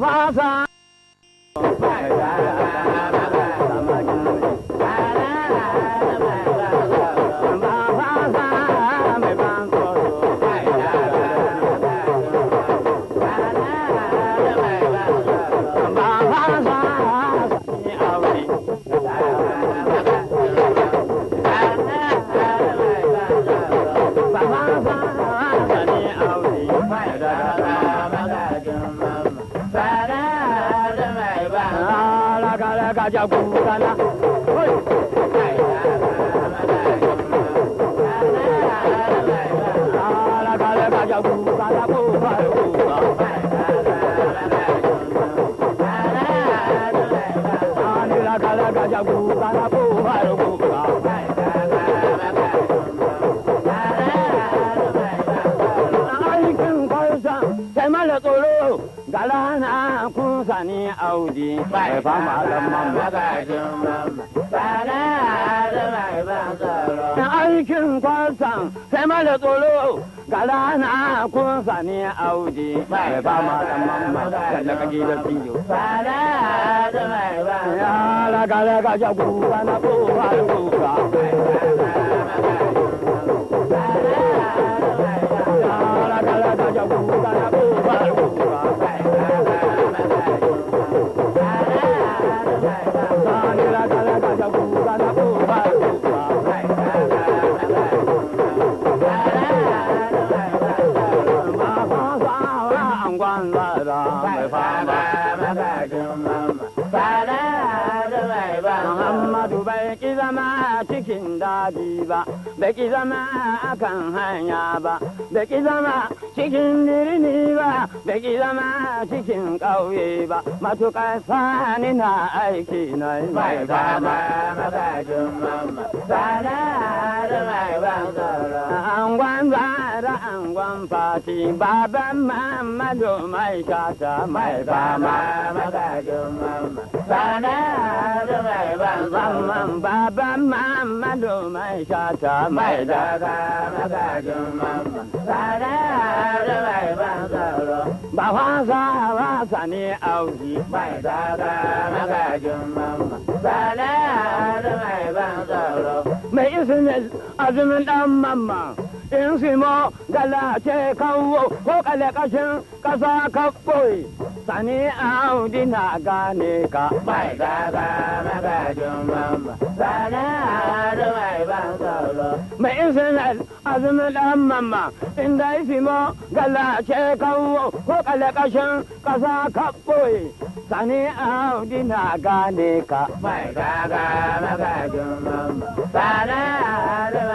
Vaza! Thank ja gusana Kai mala tsoro galana kun sani audi bai fa malam mamma gajin mamma gala da mai ban na aikin kwasan sai mala tsoro galana kun sani audi bai fa ba mamma da kake da tiyo bana da mai ban Ba ya la gala ga ja ku na ku ba ku ka daɗi ba Beki zama akan hanya ba Beki zama cikin birni ba Beki zama cikin ƙauye ba matuƙar sani na aiki na yi ba mai fama magajin mamma sana da mai ban tsoro an gwanza dan fati baban Muhammadu mai shata mai fama magajin mamma. Sana da mai ban baban mai shata mai daga magajin mamma. Sana da mai ban Ba fasa ne auki mai daga magajin mamma. Sana mai ban Mai ismin azumin dan mamma. in simo galace wo ko kale kashin kasa ka boye sani audi na gane ka mai gaga magajin mamba sani audi mai ban tsoro mai insanar azumin dan mamma inda simo galace kawo ko kale kashin kasa ka boye sani audi na gane ka mai gaga magajin mamba sani audi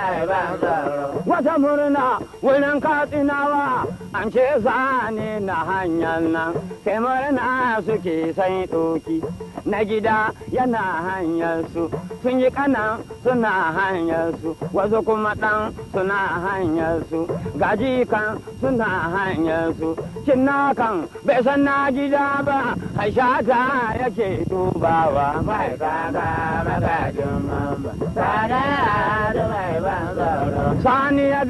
ta murna wurin katsinawa Kwance zane na hanyar nan, sai murna suke sai ɗoki. Na gida yana hanyar su, sun yi kanan suna hanyar su, wasu kuma ɗan suna hanyar su, gaji kan suna hanyar su. Cinna kan bai san na gida ba, haishata yake dubawa. Mai kaga magajin mamba, tsada da mai ban Sani ya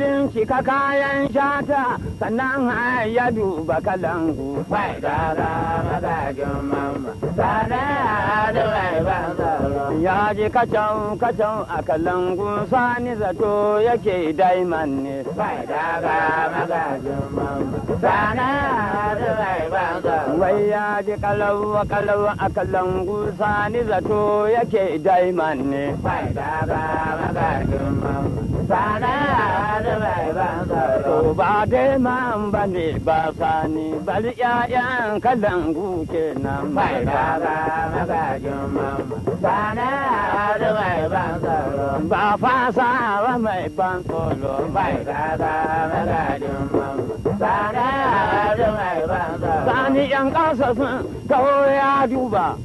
ka kayan shata, sannan Ibrahim Ayyadu Bakalangu bai gara magajin mamma. sana da mai banzaro ya ji kacan kacan a kalangu sani zato yake daiman ne bai gara magajin mamma. sana da bai ba banzaro wai ya ji kalawa kalawa a kalangu sani zato yake daiman ne bai gara magajin mamma. ba dai man ba ne ba sani bari ƴaƴan kalangu nan. mai baba magajin mama sana da mai ban tsoro ba fasa ba mai ban tsoro mai baba magajin mama sana da mai ban tsoro sani yan ƙasa sun kawo ya duba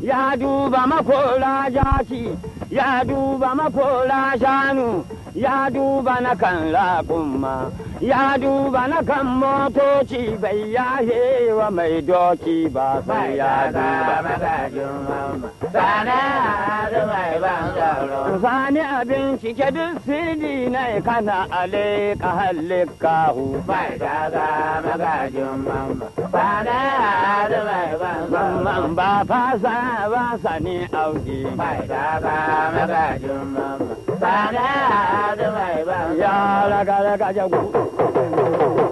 ya duba makola jaki ya duba makora shanu ya duba na kan raƙumma ya duba na kan motoci bai ya wa mai doki ba sai ya duba sani abin cike duk sidi na kana ale ka halikahu bai daga magajin mama sani mai ba ba fasa ba sani auki bai da ba magajin mama ba da mai ba ya raga raga ku.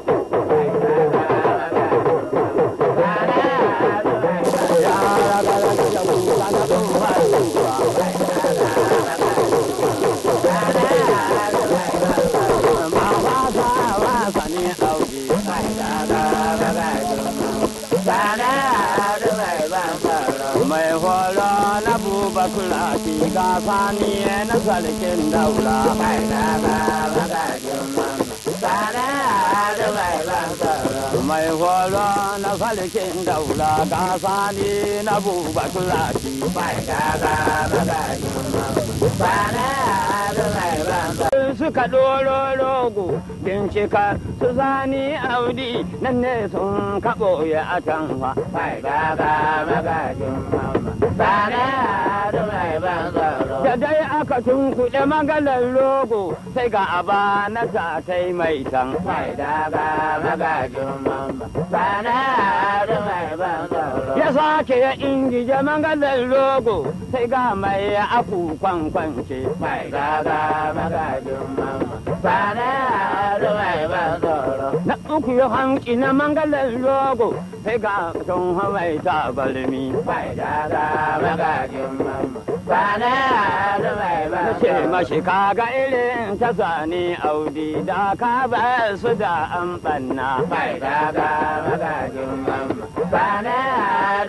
sani na sarkin daula mai na mai ban mai horo na sarkin daula ga sani na buba kulaki mai na magajin manna sani da mai suka ɗoro rogo bincika su zani audi nan ne sun kaɓo ya atanwa mai gaga magajin mama sane mai ban da dai aka tunkuɗe magalar rogo sai ga aba na ta tai mai tan mai gaga magajin mama sane mai ban ya sake ya jaman mangalar rogo sai ga mai ya aku kwankwance mai gaga magajin mama ba na ruwai ba tsoro na ku hanki na mangalan rogo sai ga sun hawai ta balmi bai da ga magajin mamma na bai ba ce mashi kaga irin ta sani audi da ka ba su da an banna bai da ga magajin mamma na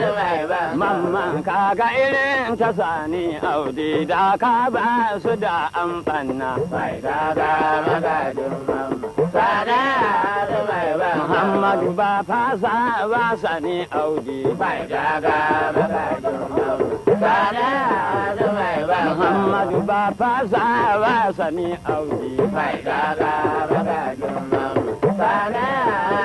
da bai ba mamma kaga irin ta sani audi da ka ba su da an banna bai da ga magajin Amadu ba fasa ba sani audi ba jaga ba ba jona Muhammadu ba fasa ba sani audi ba jaga ba ba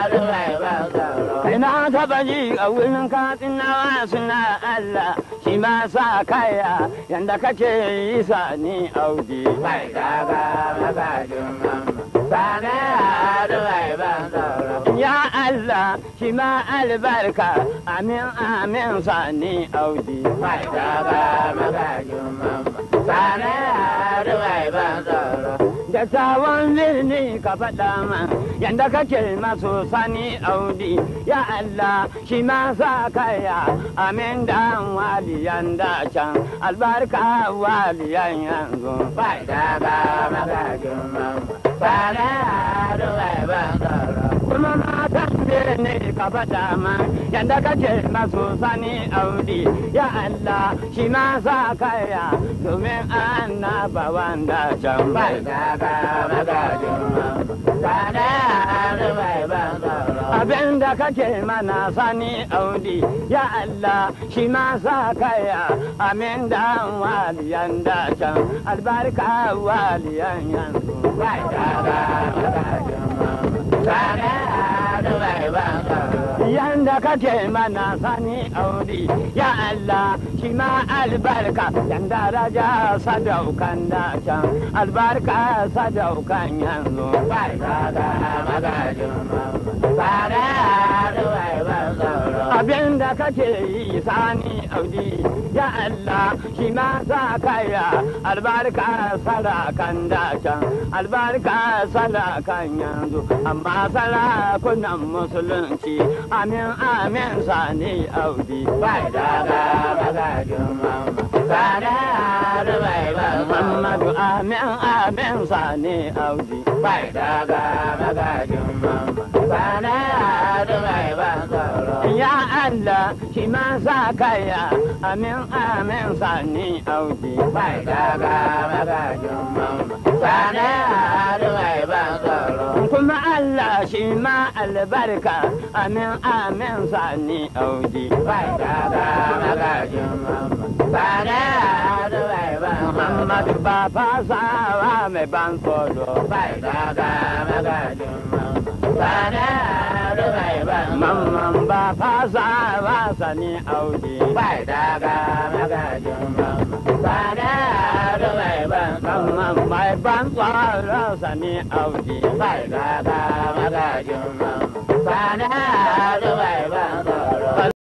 jona Ina taba ji a wurin katsinawa suna Allah shi ma sa kaya yanda kake yi sani audi ba jaga ba ba jona Sani ado ban Ya Allah shi ma albarka amin amin sani audi. Mai gaba magajin mamma. Sani ado ban da tsawon birni ka faɗa ma yanda kake masu sani audi ya Allah shi ma sa kaya amin da waliyan da can albarka waliyan yanzu ba da ba magajin mamma ba na ba kuma matan biyar ne ka faɗa ma yadda kake masu sani audi ya Allah shi ma sa kaya domin annaba wanda can bai daga magajin ma abin da kake mana sani audi ya Allah shi ma sa kaya amin da waliyan da can albarka waliyan yanzu bai daga magajin yanda kake mana sani audi ya Allah shi ma albarka yanda raja sadaukan da can albarka sadaukan yanzu barka da magajin ba da duwai abin da kake yi sani audi ya Allah shi ma sa kaya albarka sarakan can albarka sarakan yanzu amma sarakunan musulunci amin amin sani audi bai daga magajin mamma sani da bai mamadu amin amin sani audi bai daga magajin mamma mutane a mai ban tsoro. Ya Allah shi ma sa kaya amin amin sani auki. Mai daga magajin mamma. Sane a mai ban tsoro. Kuma Allah shi ma albarka amin amin sani auki. Mai daga magajin mamma. Sane a mai ban tsoro. Muhammadu Baba Sawa mai ban tsoro. Mai daga magajin mamma. Mamman ba fasa ba sani auki. Bai daga magajin mamma. Bana da mai ban. Mamman mai ban tsoron sani auki. Bai daga magajin mamma. Bana da mai ban